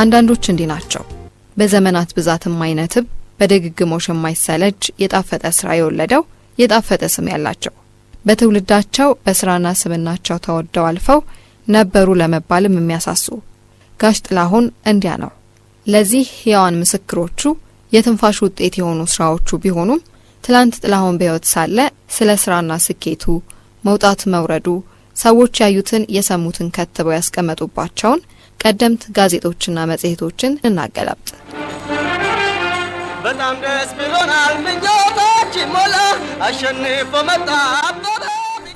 አንዳንዶች እንዲህ ናቸው። በዘመናት ብዛት የማይነትብ በድግግሞሽ የማይሰለጅ የጣፈጠ ስራ የወለደው የጣፈጠ ስም ያላቸው በትውልዳቸው በስራና ስምናቸው ተወደው አልፈው ነበሩ ለመባልም የሚያሳሱ ጋሽ ጥላሁን እንዲያ ነው። ለዚህ ሕያዋን ምስክሮቹ የትንፋሽ ውጤት የሆኑ ስራዎቹ ቢሆኑም ትላንት ጥላሁን በሕይወት ሳለ ስለ ስራና ስኬቱ መውጣት መውረዱ ሰዎች ያዩትን የሰሙትን ከትበው ያስቀመጡባቸውን ቀደምት ጋዜጦችና መጽሔቶችን እናገላብጥ። በጣም ደስ ብሎናል፣ ምኞታችን ሞላ፣ አሸንፎ መጣ በ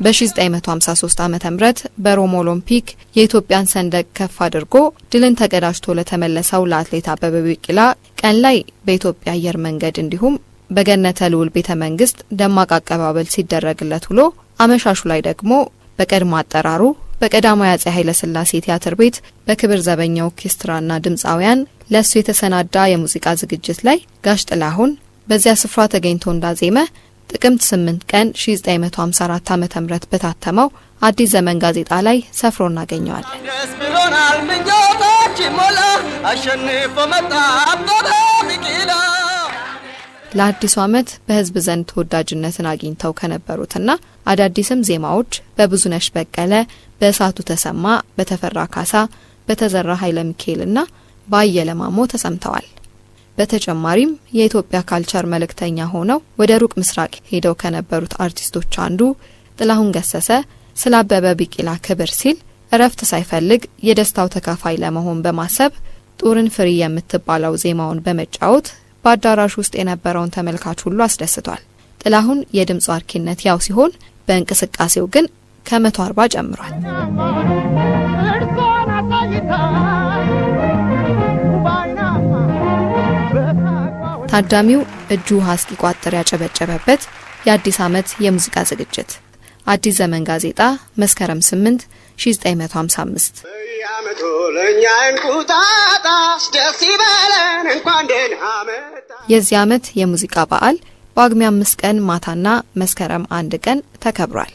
በ1953 ዓ ም በሮም ኦሎምፒክ የኢትዮጵያን ሰንደቅ ከፍ አድርጎ ድልን ተቀዳጅቶ ለተመለሰው ለአትሌት አበበ ቢቂላ ቀን ላይ በኢትዮጵያ አየር መንገድ እንዲሁም በገነተ ልዑል ቤተ መንግስት ደማቅ አቀባበል ሲደረግለት ውሎ አመሻሹ ላይ ደግሞ በቀድሞ አጠራሩ በቀዳማዊ አጼ ኃይለ ሥላሴ ቲያትር ቤት በክብር ዘበኛ ኦርኬስትራና ድምፃውያን ለእሱ የተሰናዳ የሙዚቃ ዝግጅት ላይ ጋሽ ጥላሁን በዚያ ስፍራ ተገኝቶ እንዳዜመ ጥቅምት 8 ቀን 1954 ዓ ም በታተመው አዲስ ዘመን ጋዜጣ ላይ ሰፍሮ እናገኘዋለን። ደስ ብሎናል፣ ምኞታችን ሞላ፣ አሸንፎ መጣ አበበ ቢቂላ ለአዲሱ ዓመት በህዝብ ዘንድ ተወዳጅነትን አግኝተው ከነበሩትና አዳዲስም ዜማዎች በብዙነሽ በቀለ፣ በእሳቱ ተሰማ፣ በተፈራ ካሳ፣ በተዘራ ኃይለ ሚካኤልና በአየለ ማሞ ተሰምተዋል። በተጨማሪም የኢትዮጵያ ካልቸር መልእክተኛ ሆነው ወደ ሩቅ ምስራቅ ሄደው ከነበሩት አርቲስቶች አንዱ ጥላሁን ገሰሰ ስለ አበበ ቢቂላ ክብር ሲል እረፍት ሳይፈልግ የደስታው ተካፋይ ለመሆን በማሰብ ጡርን ፍሪ የምትባለው ዜማውን በመጫወት በአዳራሽ ውስጥ የነበረውን ተመልካች ሁሉ አስደስቷል። ጥላሁን የድምፅ አርኪነት ያው ሲሆን በእንቅስቃሴው ግን ከመቶ አርባ ጨምሯል። ታዳሚው እጁ ውሃ እስኪቋጥር ያጨበጨበበት የአዲስ ዓመት የሙዚቃ ዝግጅት አዲስ ዘመን ጋዜጣ መስከረም 8 1955። ለእኛ እንቁጣጣሽ ደስ ይበለን እንኳን ደህና የዚህ ዓመት የሙዚቃ በዓል በጳጉሜ አምስት ቀን ማታና መስከረም አንድ ቀን ተከብሯል።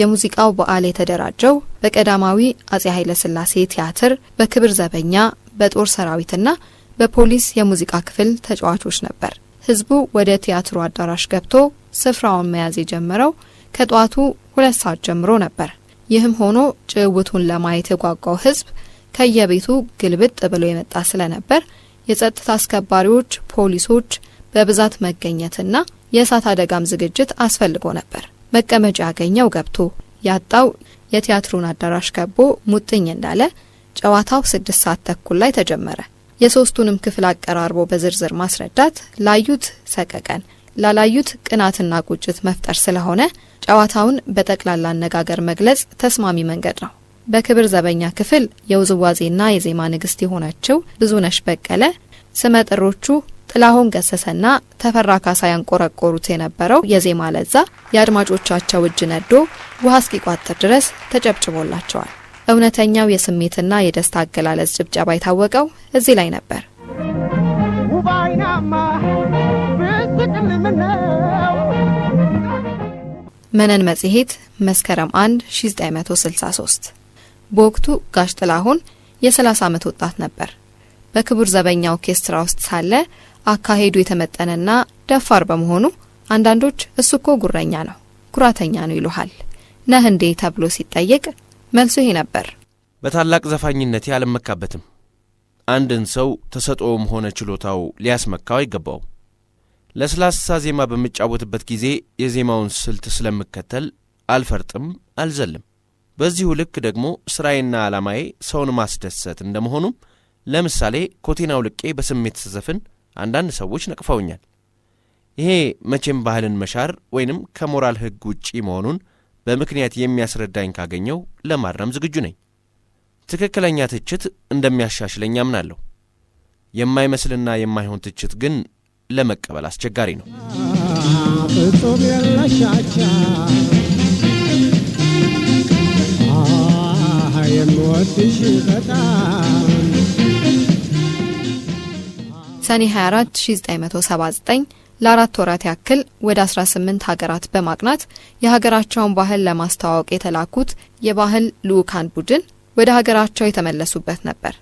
የሙዚቃው በዓል የተደራጀው በቀዳማዊ አጼ ኃይለ ሥላሴ ቲያትር በክብር ዘበኛ፣ በጦር ሰራዊትና በፖሊስ የሙዚቃ ክፍል ተጫዋቾች ነበር። ህዝቡ ወደ ቲያትሩ አዳራሽ ገብቶ ስፍራውን መያዝ የጀመረው ከጠዋቱ ሁለት ሰዓት ጀምሮ ነበር። ይህም ሆኖ ጭውቱን ለማየት የጓጓው ህዝብ ከየቤቱ ግልብጥ ብሎ የመጣ ስለነበር የጸጥታ አስከባሪዎች፣ ፖሊሶች በብዛት መገኘትና የእሳት አደጋም ዝግጅት አስፈልጎ ነበር። መቀመጫ ያገኘው ገብቶ ያጣው የቲያትሩን አዳራሽ ከቦ ሙጥኝ እንዳለ ጨዋታው ስድስት ሰዓት ተኩል ላይ ተጀመረ። የሶስቱንም ክፍል አቀራርቦ በዝርዝር ማስረዳት ላዩት ሰቀቀን፣ ላላዩት ቅናትና ቁጭት መፍጠር ስለሆነ ጨዋታውን በጠቅላላ አነጋገር መግለጽ ተስማሚ መንገድ ነው። በክብር ዘበኛ ክፍል የውዝዋዜና የዜማ ንግስት የሆነችው ብዙነሽ በቀለ ስመጥሮቹ ጥላሁን ገሰሰና ተፈራ ካሳ ያንቆረቆሩት የነበረው የዜማ ለዛ የአድማጮቻቸው እጅ ነዶ ውሃ እስኪቋጥር ድረስ ተጨብጭቦላቸዋል። እውነተኛው የስሜትና የደስታ አገላለጽ ጭብጨባ የታወቀው እዚህ ላይ ነበር። መነን መጽሔት መስከረም 1 1963 በወቅቱ ጋሽ ጥላሁን የ30 ዓመት ወጣት ነበር። በክቡር ዘበኛ ኦርኬስትራ ውስጥ ሳለ አካሄዱ የተመጠነና ደፋር በመሆኑ አንዳንዶች እሱ እኮ ጉረኛ ነው፣ ኩራተኛ ነው ይሉሃል። ነህ እንዴ ተብሎ ሲጠየቅ መልሱ ይሄ ነበር። በታላቅ ዘፋኝነት አልመካበትም። አንድን ሰው ተሰጥኦም ሆነ ችሎታው ሊያስመካው አይገባውም። ለስላሳ ዜማ በምጫወትበት ጊዜ የዜማውን ስልት ስለምከተል አልፈርጥም፣ አልዘልም። በዚሁ ልክ ደግሞ ሥራዬና ዓላማዬ ሰውን ማስደሰት እንደመሆኑም ለምሳሌ ኮቴናው ልቄ በስሜት ስዘፍን አንዳንድ ሰዎች ነቅፈውኛል። ይሄ መቼም ባህልን መሻር ወይንም ከሞራል ሕግ ውጪ መሆኑን በምክንያት የሚያስረዳኝ ካገኘው ለማረም ዝግጁ ነኝ። ትክክለኛ ትችት እንደሚያሻሽለኝ አምናለሁ። የማይመስልና የማይሆን ትችት ግን ለመቀበል አስቸጋሪ ነው። የምወድሽ በጣም ሰኔ 24 1979 ለአራት ወራት ያክል ወደ 18 ሀገራት በማቅናት የሀገራቸውን ባህል ለማስተዋወቅ የተላኩት የባህል ልዑካን ቡድን ወደ ሀገራቸው የተመለሱበት ነበር።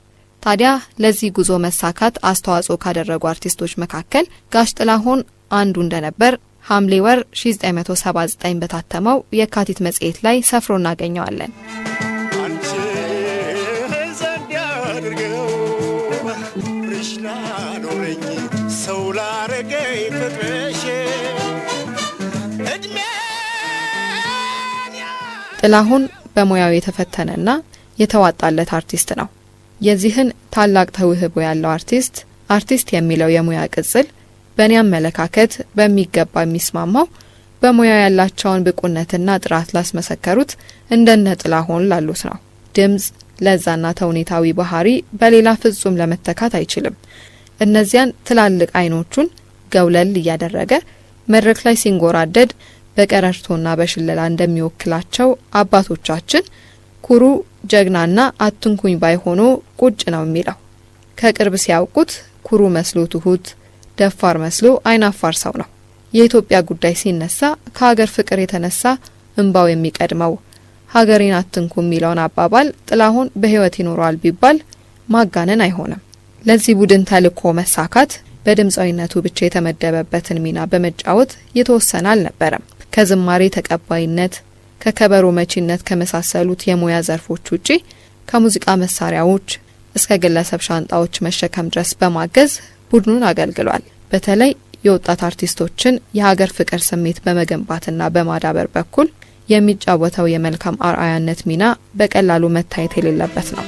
ታዲያ ለዚህ ጉዞ መሳካት አስተዋጽኦ ካደረጉ አርቲስቶች መካከል ጋሽ ጥላሁን አንዱ እንደነበር ሐምሌ ወር 1979 በታተመው የካቲት መጽሔት ላይ ሰፍሮ እናገኘዋለን። ሰው ላረገኝ እድሜ ጥላሁን በሙያው የተፈተነና የተዋጣለት አርቲስት ነው። የዚህን ታላቅ ተውህቦ ያለው አርቲስት አርቲስት የሚለው የሙያ ቅጽል በእኔ አመለካከት በሚገባ የሚስማማው በሙያው ያላቸውን ብቁነትና ጥራት ላስመሰከሩት እንደነ ጥላሁን ላሉት ነው። ድምጽ፣ ለዛና ተውኔታዊ ባህሪ በሌላ ፍጹም ለመተካት አይችልም። እነዚያን ትላልቅ አይኖቹን ገውለል እያደረገ መድረክ ላይ ሲንጎራደድ በቀረርቶና በሽለላ እንደሚወክላቸው አባቶቻችን ኩሩ ጀግናና አትንኩኝ ባይሆኖ ቁጭ ነው የሚለው ከቅርብ ሲያውቁት ኩሩ መስሎ ትሁት፣ ደፋር መስሎ አይናፋር ሰው ነው። የኢትዮጵያ ጉዳይ ሲነሳ ከሀገር ፍቅር የተነሳ እንባው የሚቀድመው ሀገሬን አትንኩ የሚለውን አባባል ጥላሁን በህይወት ይኖረዋል ቢባል ማጋነን አይሆንም። ለዚህ ቡድን ተልኮ መሳካት በድምፃዊነቱ ብቻ የተመደበበትን ሚና በመጫወት የተወሰነ አልነበረም። ከዝማሬ ተቀባይነት፣ ከከበሮ መቺነት ከመሳሰሉት የሙያ ዘርፎች ውጪ ከሙዚቃ መሳሪያዎች እስከ ግለሰብ ሻንጣዎች መሸከም ድረስ በማገዝ ቡድኑን አገልግሏል። በተለይ የወጣት አርቲስቶችን የሀገር ፍቅር ስሜት በመገንባትና በማዳበር በኩል የሚጫወተው የመልካም አርአያነት ሚና በቀላሉ መታየት የሌለበት ነው።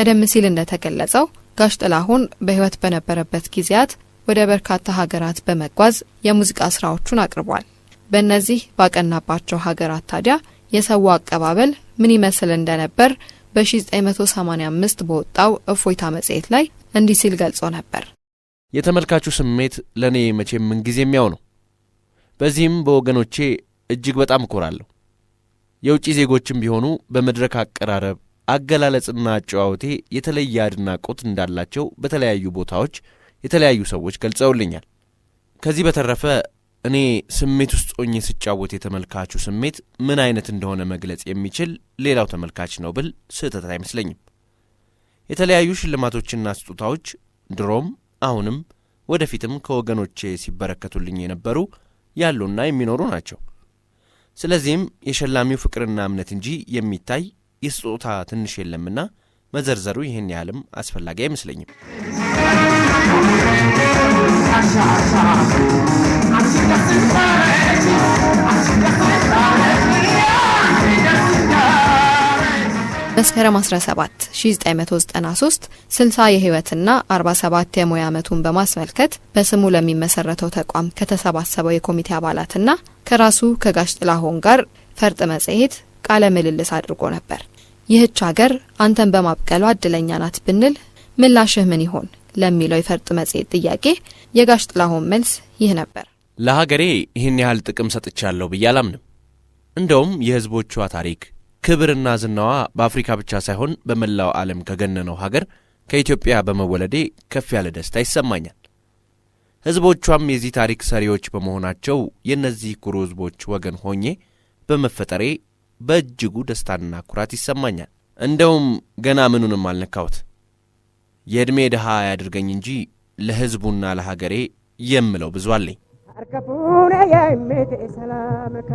ቀደም ሲል እንደተገለጸው ጋሽ ጥላሁን በሕይወት በነበረበት ጊዜያት ወደ በርካታ ሀገራት በመጓዝ የሙዚቃ ስራዎቹን አቅርቧል። በእነዚህ ባቀናባቸው ሀገራት ታዲያ የሰው አቀባበል ምን ይመስል እንደነበር በ1985 በወጣው እፎይታ መጽሔት ላይ እንዲህ ሲል ገልጾ ነበር። የተመልካቹ ስሜት ለእኔ መቼም ምንጊዜም ያው ነው። በዚህም በወገኖቼ እጅግ በጣም እኮራለሁ። የውጭ ዜጎችም ቢሆኑ በመድረክ አቀራረብ፣ አገላለጽና አጨዋወቴ የተለየ አድናቆት እንዳላቸው በተለያዩ ቦታዎች የተለያዩ ሰዎች ገልጸውልኛል። ከዚህ በተረፈ እኔ ስሜት ውስጥ ሆኜ ስጫወት የተመልካቹ ስሜት ምን አይነት እንደሆነ መግለጽ የሚችል ሌላው ተመልካች ነው ብል ስህተት አይመስለኝም። የተለያዩ ሽልማቶችና ስጦታዎች ድሮም አሁንም ወደፊትም ከወገኖቼ ሲበረከቱልኝ የነበሩ ያሉና የሚኖሩ ናቸው። ስለዚህም የሸላሚው ፍቅርና እምነት እንጂ የሚታይ የስጦታ ትንሽ የለምና መዘርዘሩ ይህን ያህልም አስፈላጊ አይመስለኝም። መስከረም 17 1993 60 የህይወትና 47 የሙያ ዓመቱን በማስመልከት በስሙ ለሚመሰረተው ተቋም ከተሰባሰበው የኮሚቴ አባላትና ከራሱ ከጋሽ ጥላሁን ጋር ፈርጥ መጽሔት ቃለ ምልልስ አድርጎ ነበር። ይህች ሀገር አንተን በማብቀሉ እድለኛ ናት ብንል ምላሽህ ምን ይሆን ለሚለው የፈርጥ መጽሔት ጥያቄ የጋሽ ጥላሁን መልስ ይህ ነበር። ለሀገሬ ይህን ያህል ጥቅም ሰጥቻለሁ ብዬ አላምንም። እንደውም የሕዝቦቿ ታሪክ ክብርና ዝናዋ በአፍሪካ ብቻ ሳይሆን በመላው ዓለም ከገነነው ሀገር ከኢትዮጵያ በመወለዴ ከፍ ያለ ደስታ ይሰማኛል። ሕዝቦቿም የዚህ ታሪክ ሰሪዎች በመሆናቸው የእነዚህ ኩሩ ሕዝቦች ወገን ሆኜ በመፈጠሬ በእጅጉ ደስታና ኩራት ይሰማኛል። እንደውም ገና ምኑንም አልነካሁት። የዕድሜ ድሃ ያድርገኝ እንጂ ለሕዝቡና ለሀገሬ የምለው ብዙ አለኝ። አርከፉነ ሰላምከ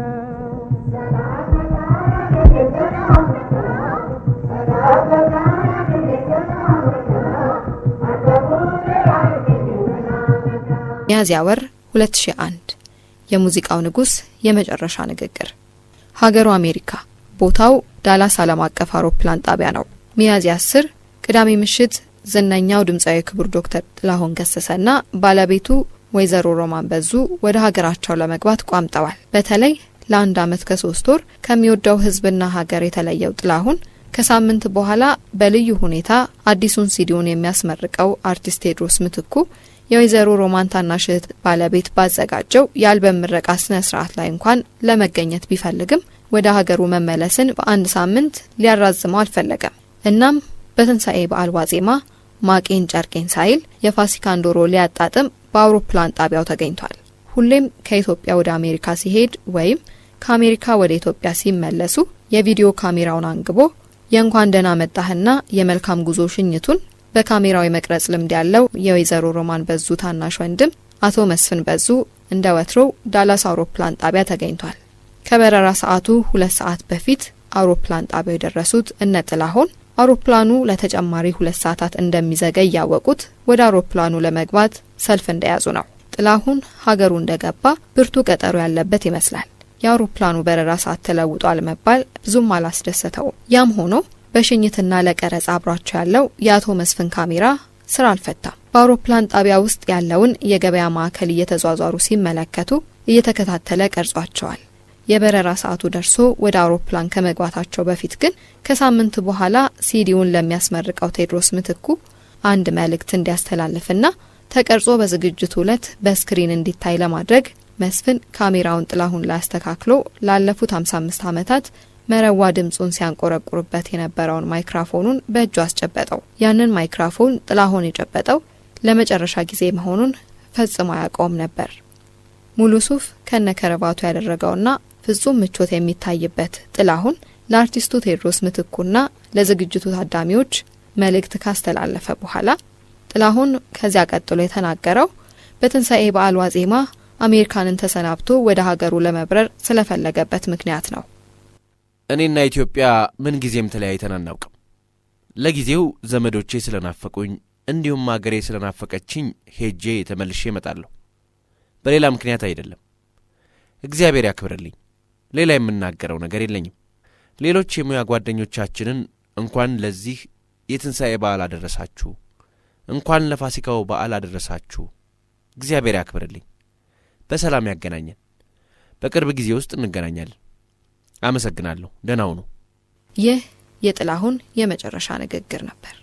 ሚያዝያ ወር 2001 የሙዚቃው ንጉስ የመጨረሻ ንግግር። ሀገሩ አሜሪካ፣ ቦታው ዳላስ ዓለም አቀፍ አውሮፕላን ጣቢያ ነው። ሚያዝያ 10 ቅዳሜ ምሽት ዝነኛው ድምፃዊ ክቡር ዶክተር ጥላሁን ገሰሰና ባለቤቱ ወይዘሮ ሮማን በዙ ወደ ሀገራቸው ለመግባት ቋምጠዋል። በተለይ ለአንድ አመት ከሶስት ወር ከሚወደው ህዝብና ሀገር የተለየው ጥላሁን ከሳምንት በኋላ በልዩ ሁኔታ አዲሱን ሲዲውን የሚያስመርቀው አርቲስት ቴድሮስ ምትኩ የወይዘሮ ሮማን ታናሽ እህት ባለቤት ባዘጋጀው የአልበም ምረቃ ስነ ስርዓት ላይ እንኳን ለመገኘት ቢፈልግም ወደ ሀገሩ መመለስን በአንድ ሳምንት ሊያራዝመው አልፈለገም። እናም በትንሣኤ በዓል ዋዜማ ማቄን ጨርቄን ሳይል የፋሲካን ዶሮ ሊያጣጥም በአውሮፕላን ጣቢያው ተገኝቷል። ሁሌም ከኢትዮጵያ ወደ አሜሪካ ሲሄድ ወይም ከአሜሪካ ወደ ኢትዮጵያ ሲመለሱ የቪዲዮ ካሜራውን አንግቦ የእንኳን ደህና መጣህና የመልካም ጉዞ ሽኝቱን በካሜራው የመቅረጽ ልምድ ያለው የወይዘሮ ሮማን በዙ ታናሽ ወንድም አቶ መስፍን በዙ እንደ ወትሮው ዳላስ አውሮፕላን ጣቢያ ተገኝቷል። ከበረራ ሰዓቱ ሁለት ሰዓት በፊት አውሮፕላን ጣቢያው የደረሱት እነ ጥላሁን አውሮፕላኑ ለተጨማሪ ሁለት ሰዓታት እንደሚዘገይ ያወቁት ወደ አውሮፕላኑ ለመግባት ሰልፍ እንደያዙ ነው። ጥላሁን ሀገሩ እንደገባ ብርቱ ቀጠሮ ያለበት ይመስላል። የአውሮፕላኑ በረራ ሰዓት ተለውጧል መባል ብዙም አላስደሰተውም። ያም ሆኖ በሽኝትና ለቀረጻ አብሯቸው ያለው የአቶ መስፍን ካሜራ ስራ አልፈታም። በአውሮፕላን ጣቢያ ውስጥ ያለውን የገበያ ማዕከል እየተዟዟሩ ሲመለከቱ እየተከታተለ ቀርጿቸዋል። የበረራ ሰዓቱ ደርሶ ወደ አውሮፕላን ከመግባታቸው በፊት ግን ከሳምንት በኋላ ሲዲውን ለሚያስመርቀው ቴድሮስ ምትኩ አንድ መልእክት እንዲያስተላልፍና ተቀርጾ በዝግጅቱ ዕለት በስክሪን እንዲታይ ለማድረግ መስፍን ካሜራውን ጥላሁን ላይ አስተካክሎ ላለፉት 55 ዓመታት መረዋ ድምፁን ሲያንቆረቁርበት የነበረውን ማይክራፎኑን በእጁ አስጨበጠው። ያንን ማይክራፎን ጥላሁን የጨበጠው ለመጨረሻ ጊዜ መሆኑን ፈጽሞ አያውቀውም ነበር። ሙሉ ሱፍ ከነ ከረባቱ ያደረገውና ፍጹም ምቾት የሚታይበት ጥላሁን ለአርቲስቱ ቴዎድሮስ ምትኩና ለዝግጅቱ ታዳሚዎች መልእክት ካስተላለፈ በኋላ ጥላሁን ከዚያ ቀጥሎ የተናገረው በትንሣኤ በዓል ዋዜማ አሜሪካንን ተሰናብቶ ወደ ሀገሩ ለመብረር ስለፈለገበት ምክንያት ነው። እኔና ኢትዮጵያ ምን ተለያይተን አናውቅም። ለጊዜው ዘመዶቼ ስለናፈቁኝ እንዲሁም አገሬ ስለናፈቀችኝ ሄጄ ተመልሼ እመጣለሁ። በሌላ ምክንያት አይደለም። እግዚአብሔር ያክብርልኝ። ሌላ የምናገረው ነገር የለኝም። ሌሎች የሙያ ጓደኞቻችንን እንኳን ለዚህ የትንሣኤ በዓል አደረሳችሁ፣ እንኳን ለፋሲካው በዓል አደረሳችሁ። እግዚአብሔር ያክብርልኝ፣ በሰላም ያገናኘን። በቅርብ ጊዜ ውስጥ እንገናኛለን። አመሰግናለሁ። ደህና ሁኑ። ይህ የጥላሁን የመጨረሻ ንግግር ነበር።